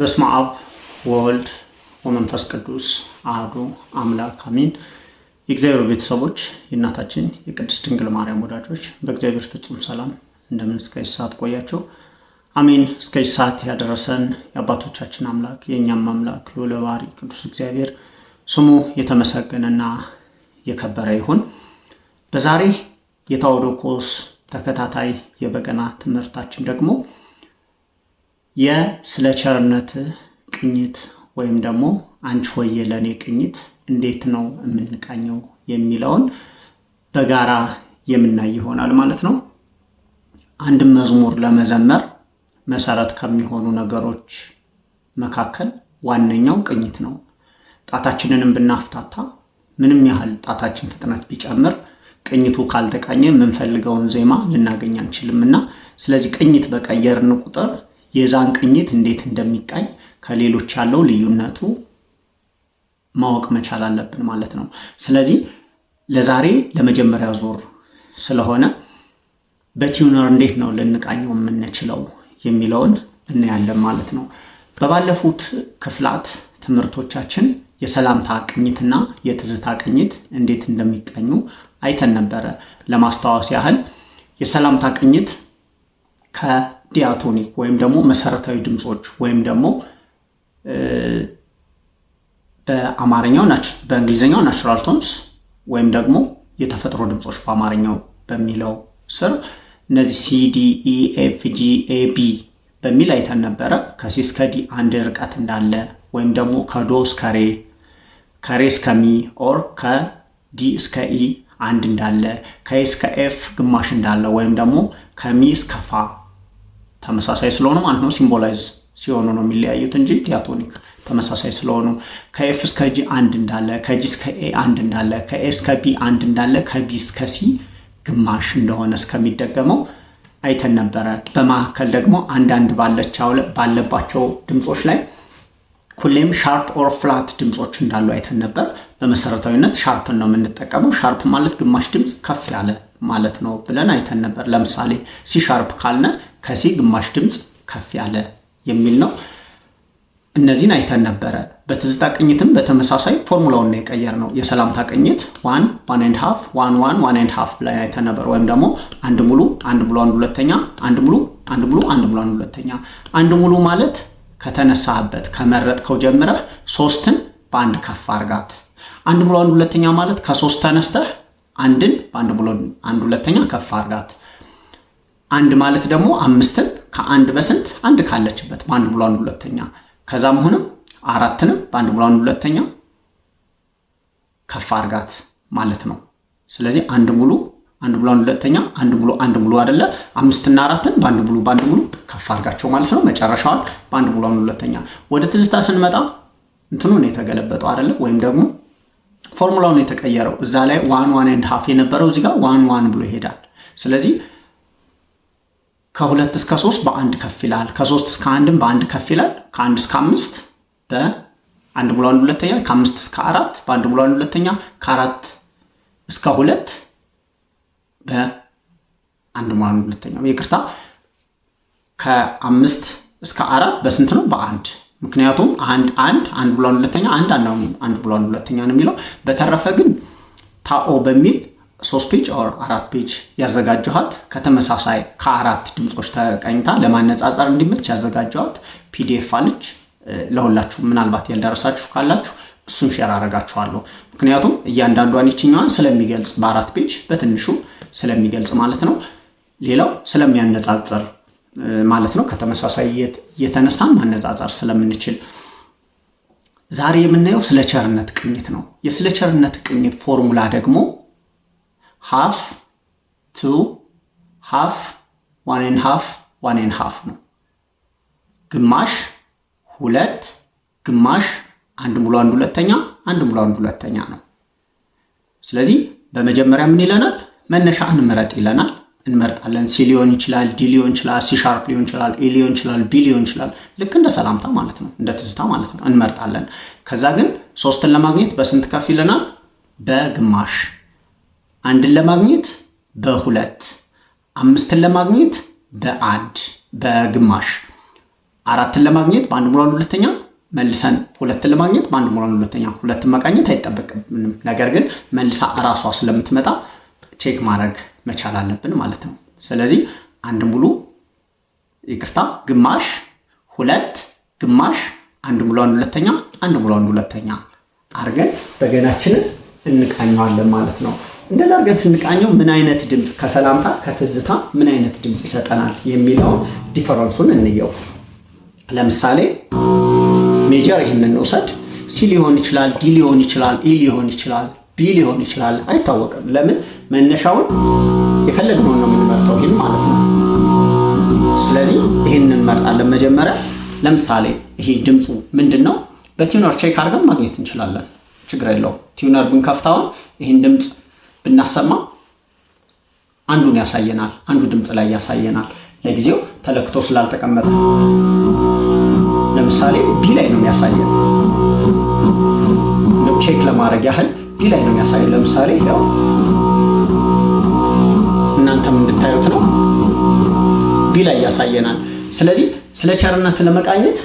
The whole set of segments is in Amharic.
በስመ አብ ወወልድ ወመንፈስ ቅዱስ አህዱ አምላክ አሚን። የእግዚአብሔር ቤተሰቦች የእናታችን የቅድስት ድንግል ማርያም ወዳጆች በእግዚአብሔር ፍጹም ሰላም እንደምን እስከዚህ ሰዓት ቆያቸው። አሜን። እስከዚህ ሰዓት ያደረሰን የአባቶቻችን አምላክ የእኛም አምላክ ልዑለ ቅዱስ እግዚአብሔር ስሙ የተመሰገነና የከበረ ይሁን። በዛሬ የታኦዶኮስ ተከታታይ የበገና ትምህርታችን ደግሞ የስለ ቸርነት ቅኝት ወይም ደግሞ አንቺ ሆየ ለእኔ ቅኝት እንዴት ነው የምንቃኘው የሚለውን በጋራ የምናይ ይሆናል ማለት ነው። አንድን መዝሙር ለመዘመር መሰረት ከሚሆኑ ነገሮች መካከል ዋነኛው ቅኝት ነው። ጣታችንንም ብናፍታታ ምንም ያህል ጣታችን ፍጥነት ቢጨምር ቅኝቱ ካልተቃኘ የምንፈልገውን ዜማ ልናገኝ አንችልም እና ስለዚህ ቅኝት በቀየርን ቁጥር የዛን ቅኝት እንዴት እንደሚቃኝ ከሌሎች ያለው ልዩነቱ ማወቅ መቻል አለብን ማለት ነው። ስለዚህ ለዛሬ ለመጀመሪያ ዙር ስለሆነ በቲዩነር እንዴት ነው ልንቃኘው የምንችለው የሚለውን እናያለን ማለት ነው። በባለፉት ክፍላት ትምህርቶቻችን የሰላምታ ቅኝትና የትዝታ ቅኝት እንዴት እንደሚቀኙ አይተን ነበረ። ለማስታወስ ያህል የሰላምታ ቅኝት ዲያቶኒክ ወይም ደግሞ መሰረታዊ ድምፆች ወይም ደግሞ በአማርኛው በእንግሊዝኛው ናቹራል ቶንስ ወይም ደግሞ የተፈጥሮ ድምፆች በአማርኛው በሚለው ስር እነዚህ ሲዲ ኢ ኤፍ ጂ ኤ ቢ በሚል አይተን ነበረ። ከሲ እስከ ዲ አንድ ርቀት እንዳለ ወይም ደግሞ ከዶ እስከ ሬ ከሬ እስከ ሚ ኦር ከዲ እስከ ኢ አንድ እንዳለ ከኤ እስከ ኤፍ ግማሽ እንዳለ ወይም ደግሞ ከሚ እስከ ፋ ተመሳሳይ ስለሆኑ ማለት ነው ሲምቦላይዝ ሲሆኑ ነው የሚለያዩት እንጂ ዲያቶኒክ ተመሳሳይ ስለሆኑ ከኤፍ እስከ ጂ አንድ እንዳለ ከጂ እስከ ኤ አንድ እንዳለ ከኤ እስከ ቢ አንድ እንዳለ ከቢ እስከ ሲ ግማሽ እንደሆነ እስከሚደገመው አይተን ነበረ። በመካከል ደግሞ አንዳንድ ባለባቸው ድምፆች ላይ ሁሌም ሻርፕ ኦር ፍላት ድምፆች እንዳሉ አይተን ነበር። በመሰረታዊነት ሻርፕን ነው የምንጠቀመው። ሻርፕ ማለት ግማሽ ድምፅ ከፍ ያለ ማለት ነው ብለን አይተን ነበር። ለምሳሌ ሲ ሻርፕ ካልነ ከሲ ግማሽ ድምፅ ከፍ ያለ የሚል ነው። እነዚህን አይተን ነበረ። በትዝታ ቅኝትም በተመሳሳይ ፎርሙላውን ነው የቀየር ነው። የሰላምታ ቅኝት ዋን ዋን ኤንድ ሃፍ ዋን ዋን ዋን ኤንድ ሃፍ ብለን አይተን ነበር። ወይም ደግሞ አንድ ሙሉ አንድ ሙሉ አንድ ሁለተኛ አንድ ሙሉ አንድ ሙሉ አንድ ሙሉ አንድ ሁለተኛ። አንድ ሙሉ ማለት ከተነሳህበት ከመረጥከው ጀምረህ ሶስትን በአንድ ከፍ አርጋት። አንድ ሙሉ አንድ ሁለተኛ ማለት ከሶስት ተነስተህ አንድን በአንድ ሙሉ አንድ ሁለተኛ ከፍ አርጋት። አንድ ማለት ደግሞ አምስትን ከአንድ በስንት አንድ ካለችበት በአንድ ሙሉ አንድ ሁለተኛ ከዛም ሆነም አራትንም በአንድ ሙሉ አንድ ሁለተኛ ከፍ አርጋት ማለት ነው። ስለዚህ አንድ ሙሉ አንድ ሙሉ አንድ ሁለተኛ አንድ ሙሉ አንድ ሙሉ አይደለ አምስትና አራትን በአንድ ሙሉ በአንድ ሙሉ ከፍ አርጋቸው ማለት ነው። መጨረሻዋን በአንድ ሙሉ አንድ ሁለተኛ። ወደ ትዝታ ስንመጣ እንትኑ ነው የተገለበጠው አይደለ ወይም ደግሞ ፎርሙላውን የተቀየረው እዛ ላይ ዋን ዋን ኤንድ ሀፍ የነበረው እዚህ ጋር ዋን ዋን ብሎ ይሄዳል። ስለዚህ ከሁለት እስከ ሶስት በአንድ ከፍ ይላል። ከሶስት እስከ አንድም በአንድ ከፍ ይላል። ከአንድ እስከ አምስት በአንድ ሙሉ አንድ ሁለተኛ፣ ከአምስት እስከ አራት በአንድ ሙሉ አንድ ሁለተኛ፣ ከአራት እስከ ሁለት በአንድ ሙሉ አንድ ሁለተኛ፣ ይቅርታ፣ ከአምስት እስከ አራት በስንት ነው? በአንድ ምክንያቱም አንድ አንድ አንድ ሙሉ አንድ ሁለተኛ አንድ አንድ ሙሉ አንድ ሁለተኛ ነው የሚለው። በተረፈ ግን ታኦ በሚል ሶስት ፔጅ ኦር አራት ፔጅ ያዘጋጀኋት ከተመሳሳይ ከአራት ድምፆች ተቀኝታ ለማነጻጸር እንዲመች ያዘጋጀኋት ፒዲኤፍ አለች። ለሁላችሁ ምናልባት ያልደረሳችሁ ካላችሁ እሱን ሼር አረጋችኋለሁ። ምክንያቱም እያንዳንዷን ይችኛዋን ስለሚገልጽ በአራት ፔጅ በትንሹ ስለሚገልጽ ማለት ነው። ሌላው ስለሚያነጻጽር ማለት ነው። ከተመሳሳይ እየተነሳን ማነጻጸር ስለምንችል ዛሬ የምናየው ስለ ቸርነት ቅኝት ነው። የስለ ቸርነት ቅኝት ፎርሙላ ደግሞ ሃፍ ቱ ሃፍ ዋንን ሃፍ ዋን ዋንን ሃፍ ነው። ግማሽ ሁለት ግማሽ አንድ ሙሉ አንድ ሁለተኛ አንድ ሙሉ አንድ ሁለተኛ ነው። ስለዚህ በመጀመሪያ ምን ይለናል? መነሻ እንምረጥ ይለናል። እንመርጣለን። ሲ ሊሆን ይችላል፣ ዲ ሊሆን ይችላል፣ ሲ ሻርፕ ሊሆን ይችላል፣ ኤ ሊሆን ይችላል፣ ቢ ሊሆን ይችላል። ልክ እንደ ሰላምታ ማለት ነው፣ እንደ ትዝታ ማለት ነው። እንመርጣለን። ከዛ ግን ሶስትን ለማግኘት በስንት ከፍ ይለናል? በግማሽ አንድን ለማግኘት በሁለት አምስትን ለማግኘት በአንድ በግማሽ አራትን ለማግኘት በአንድ ሙሉ ሁለተኛ መልሰን ሁለትን ለማግኘት በአንድ ሙሉ ሁለተኛ ሁለትን መቃኘት አይጠበቅብንም። ነገር ግን መልሳ እራሷ ስለምትመጣ ቼክ ማድረግ መቻል አለብን ማለት ነው። ስለዚህ አንድ ሙሉ ይቅርታ፣ ግማሽ ሁለት፣ ግማሽ አንድ ሙሉ አንድ ሁለተኛ፣ አንድ ሙሉ አንድ ሁለተኛ አድርገን በገናችንን እንቃኘዋለን ማለት ነው። እንደዛ አድርገን ስንቃኘው ምን አይነት ድምፅ ከሰላምታ ከትዝታ ምን አይነት ድምፅ ይሰጠናል የሚለውን ዲፈረንሱን እንየው። ለምሳሌ ሜጀር ይህንን እንውሰድ። ሲ ሊሆን ይችላል፣ ዲ ሊሆን ይችላል፣ ኢ ሊሆን ይችላል፣ ቢ ሊሆን ይችላል፣ አይታወቅም። ለምን መነሻውን የፈለግነውን ነው የምንመርጠው፣ ይህን ማለት ነው። ስለዚህ ይህን እንመርጣለን መጀመሪያ። ለምሳሌ ይሄ ድምፁ ምንድን ነው? በቲዩነር ቼክ አድርገን ማግኘት እንችላለን። ችግር የለው ቲዩነር ብንከፍታውን ይህን ድምፅ ብናሰማ አንዱን ያሳየናል፣ አንዱ ድምፅ ላይ ያሳየናል። ለጊዜው ተለክቶ ስላልተቀመጠ ለምሳሌ ቢ ላይ ነው የሚያሳየን። ቼክ ለማድረግ ያህል ቢ ላይ ነው የሚያሳየን። ለምሳሌ ያው እናንተም እንድታዩት ነው ቢ ላይ ያሳየናል። ስለዚህ ስለ ቸርነት ለመቃኘት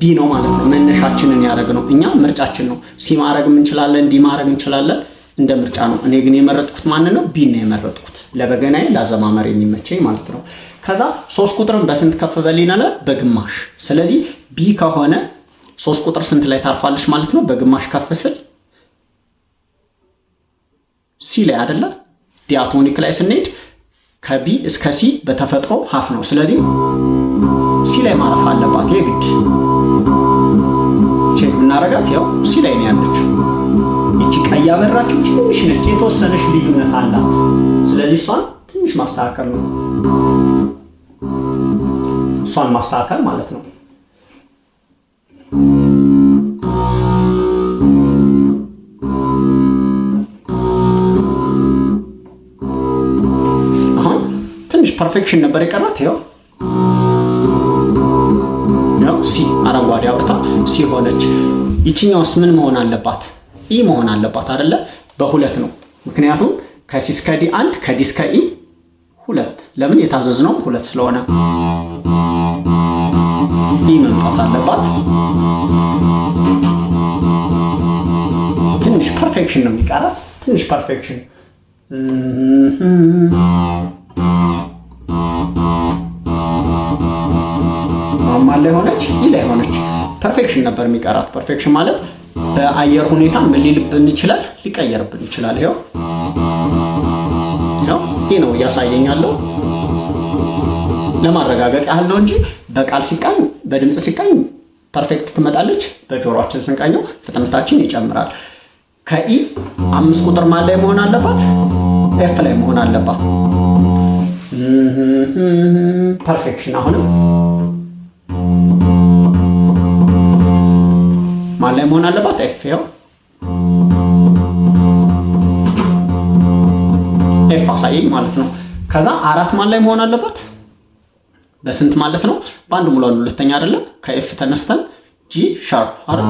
ቢ ነው ማለት ነው። መነሻችንን ያደረግ ነው እኛ ምርጫችን ነው። ሲ ማድረግ እንችላለን፣ ዲ ማድረግ እንችላለን። እንደ ምርጫ ነው። እኔ ግን የመረጥኩት ማን ነው? ቢን ነው የመረጥኩት ለበገናዬ ላዘማመር የሚመቸኝ ማለት ነው። ከዛ ሶስት ቁጥርን በስንት ከፍ በል በግማሽ። ስለዚህ ቢ ከሆነ ሶስት ቁጥር ስንት ላይ ታርፋለች ማለት ነው? በግማሽ ከፍ ስል ሲ ላይ አደለ? ዲያቶኒክ ላይ ስንሄድ ከቢ እስከ ሲ በተፈጥሮ ሀፍ ነው። ስለዚህ ሲ ላይ ማረፍ አለባት የግድ። ቼክ ብናረጋት ያው ሲ ላይ ነው ያለችው። እቺ ቀይ ያበራችሁ ትንሽ ነች፣ የተወሰነች ልዩነት አላት። ስለዚህ እሷን ትንሽ ማስተካከል ነው፣ እሷን ማስተካከል ማለት ነው። አሁን ትንሽ ፐርፌክሽን ነበር የቀራት ይኸው ሲ አረንጓዴ አውርታ ሲ ሆነች። ይችኛውስ ምን መሆን አለባት? ኢ መሆን አለባት አደለ? በሁለት ነው። ምክንያቱም ከሲ እስከ ዲ አንድ፣ ከዲ እስከ ኢ ሁለት። ለምን የታዘዝ ነው ሁለት ስለሆነ ኢ መምጣት አለባት። ትንሽ ፐርፌክሽን ነው የሚቀራ። ትንሽ ፐርፌክሽን ማማ ላይ ሆነች፣ ኢ ላይ ሆነች። ፐርፌክሽን ነበር የሚቀራት። ፐርፌክሽን ማለት በአየር ሁኔታ ምን ሊልብን ይችላል? ሊቀየርብን ይችላል። ይኸው ይህ ነው እያሳየኛለሁ። ለማረጋገጥ ያህል ነው እንጂ በቃል ሲቃኝ በድምፅ ሲቃኝ ፐርፌክት ትመጣለች። በጆሮአችን ስንቃኘው ፍጥነታችን ይጨምራል። ከኢ አምስት ቁጥር ማን ላይ መሆን አለባት? ኤፍ ላይ መሆን አለባት። ፐርፌክሽን አሁንም ማን ላይ መሆን አለባት? ኤፍ ያው ኤፍ አሳየኝ ማለት ነው። ከዛ አራት ማን ላይ መሆን አለባት? በስንት ማለት ነው? በአንድ ሙሉ ሁለተኛ አይደለም። ከኤፍ ተነስተን ጂ ሻርፕ አይደል?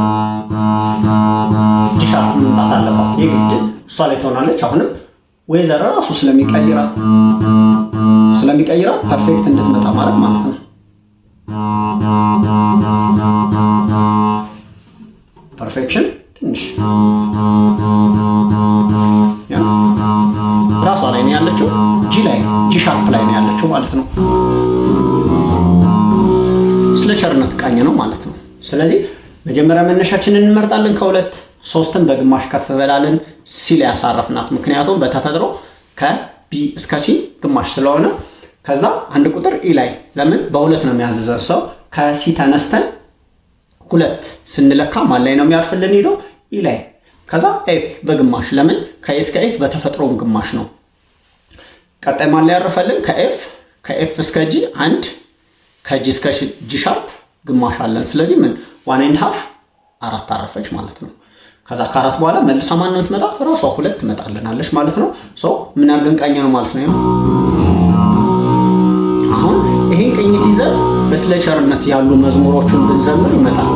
ጂ ሻርፕ መምጣት አለባት የግድ እሷ ላይ ትሆናለች። አሁንም ወይዘር ራሱ ስለሚቀይራት ስለሚቀይራት ፐርፌክት እንድትመጣ ማለት ማለት ነው። ፐርፌክሽን ትንሽ ራሷ ላይ ነው ያለችው። ጂ ላይ ጂ ሻርፕ ላይ ነው ያለችው ማለት ነው። ስለ ቸርነት ቃኝ ነው ማለት ነው። ስለዚህ መጀመሪያ መነሻችንን እንመርጣለን። ከሁለት ሶስትን በግማሽ ከፍ በላለን ሲል ያሳረፍናት። ምክንያቱም በተፈጥሮ ከቢ እስከ ሲ ግማሽ ስለሆነ ከዛ አንድ ቁጥር ኢ ላይ ለምን በሁለት ነው የሚያዘዘ ሰው ከሲ ተነስተን ሁለት ስንለካ ማን ላይ ነው የሚያርፍልን? ሄዶ ኢ ላይ ከዛ ኤፍ በግማሽ ለምን ከኤስ ከኤፍ ኤፍ በተፈጥሮም ግማሽ ነው። ቀጣይ ማን ላይ ያረፈልን? ከኤፍ ከኤፍ እስከ ጂ አንድ ከጂ እስከ ጂ ሻርፕ ግማሽ አለን። ስለዚህ ምን ዋን ኤንድ ሃፍ አራት አረፈች ማለት ነው። ከዛ ከአራት በኋላ መልሳ ማን ነው የምትመጣ? ራሷ ሁለት ትመጣልናለች ማለት ነው። ምን ያህል ቀኝ ነው ማለት ነው። ስለ ቸርነት ያሉ መዝሙሮችን ብንዘምር ይመጣል፣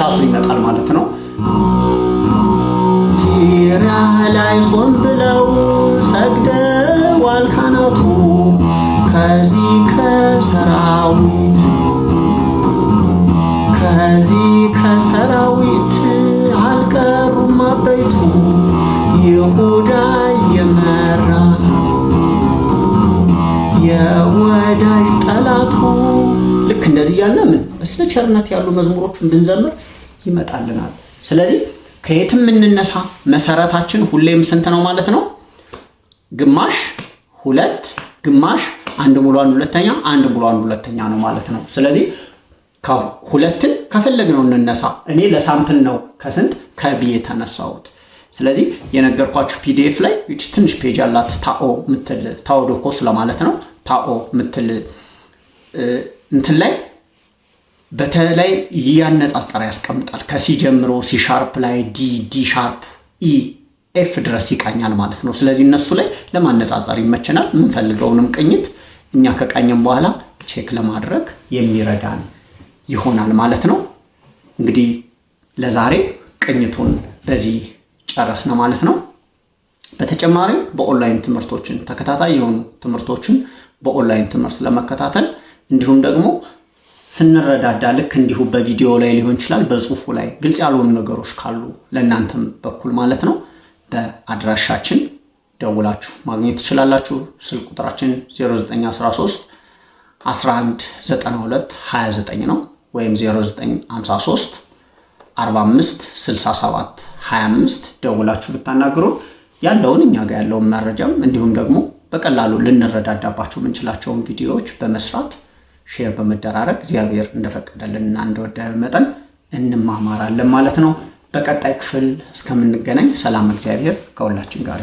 ራሱ ይመጣል ማለት ነው። ፊሪያ ላይ ጾም ብለው ሰግደዋል ካህናቱ ከዚህ ከሰራዊት ከዚህ ከሰራዊት አልቀሩም አበይቱ ይሁዳ የመራ የወዳጅ ጠላቱ ልክ እንደዚህ ያለ ምን በስለ ቸርነት ያሉ መዝሙሮችን ብንዘምር ይመጣልናል። ስለዚህ ከየትም የምንነሳ መሰረታችን ሁሌም ስንት ነው ማለት ነው? ግማሽ ሁለት ግማሽ አንድ ሙሉ አንድ ሁለተኛ አንድ ሙሉ አንድ ሁለተኛ ነው ማለት ነው። ስለዚህ ሁለትን ከፈለግነው እንነሳ። እኔ ለሳምፕል ነው ከስንት ከቢ የተነሳሁት ስለዚህ የነገርኳችሁ ፒዲኤፍ ላይ ትንሽ ፔጅ ያላት ታኦ ምትል ታኦ ዶኮስ ለማለት ነው። ታኦ ምትል እንትን ላይ በተለይ እያነጻጸረ ያስቀምጣል። ከሲ ጀምሮ ሲ ሻርፕ ላይ ዲ፣ ዲ ሻርፕ፣ ኢ፣ ኤፍ ድረስ ይቃኛል ማለት ነው። ስለዚህ እነሱ ላይ ለማነጻጸር ይመቸናል። የምንፈልገውንም ቅኝት እኛ ከቃኘም በኋላ ቼክ ለማድረግ የሚረዳን ይሆናል ማለት ነው። እንግዲህ ለዛሬ ቅኝቱን በዚህ ነው ማለት ነው። በተጨማሪም በኦንላይን ትምህርቶችን ተከታታይ የሆኑ ትምህርቶችን በኦንላይን ትምህርት ለመከታተል እንዲሁም ደግሞ ስንረዳዳ ልክ እንዲሁ በቪዲዮ ላይ ሊሆን ይችላል፣ በጽሁፉ ላይ ግልጽ ያልሆኑ ነገሮች ካሉ ለእናንተም በኩል ማለት ነው በአድራሻችን ደውላችሁ ማግኘት ትችላላችሁ። ስልክ ቁጥራችን 0913 1192 29 ነው ወይም 0953 45 67 25 ደውላችሁ ብታናግሩ ያለውን እኛ ጋር ያለውን መረጃም እንዲሁም ደግሞ በቀላሉ ልንረዳዳባቸው የምንችላቸውን ቪዲዮዎች በመስራት ሼር በመደራረግ እግዚአብሔር እንደፈቀደልን እና እንደወደ መጠን እንማማራለን ማለት ነው። በቀጣይ ክፍል እስከምንገናኝ ሰላም፣ እግዚአብሔር ከሁላችን ጋር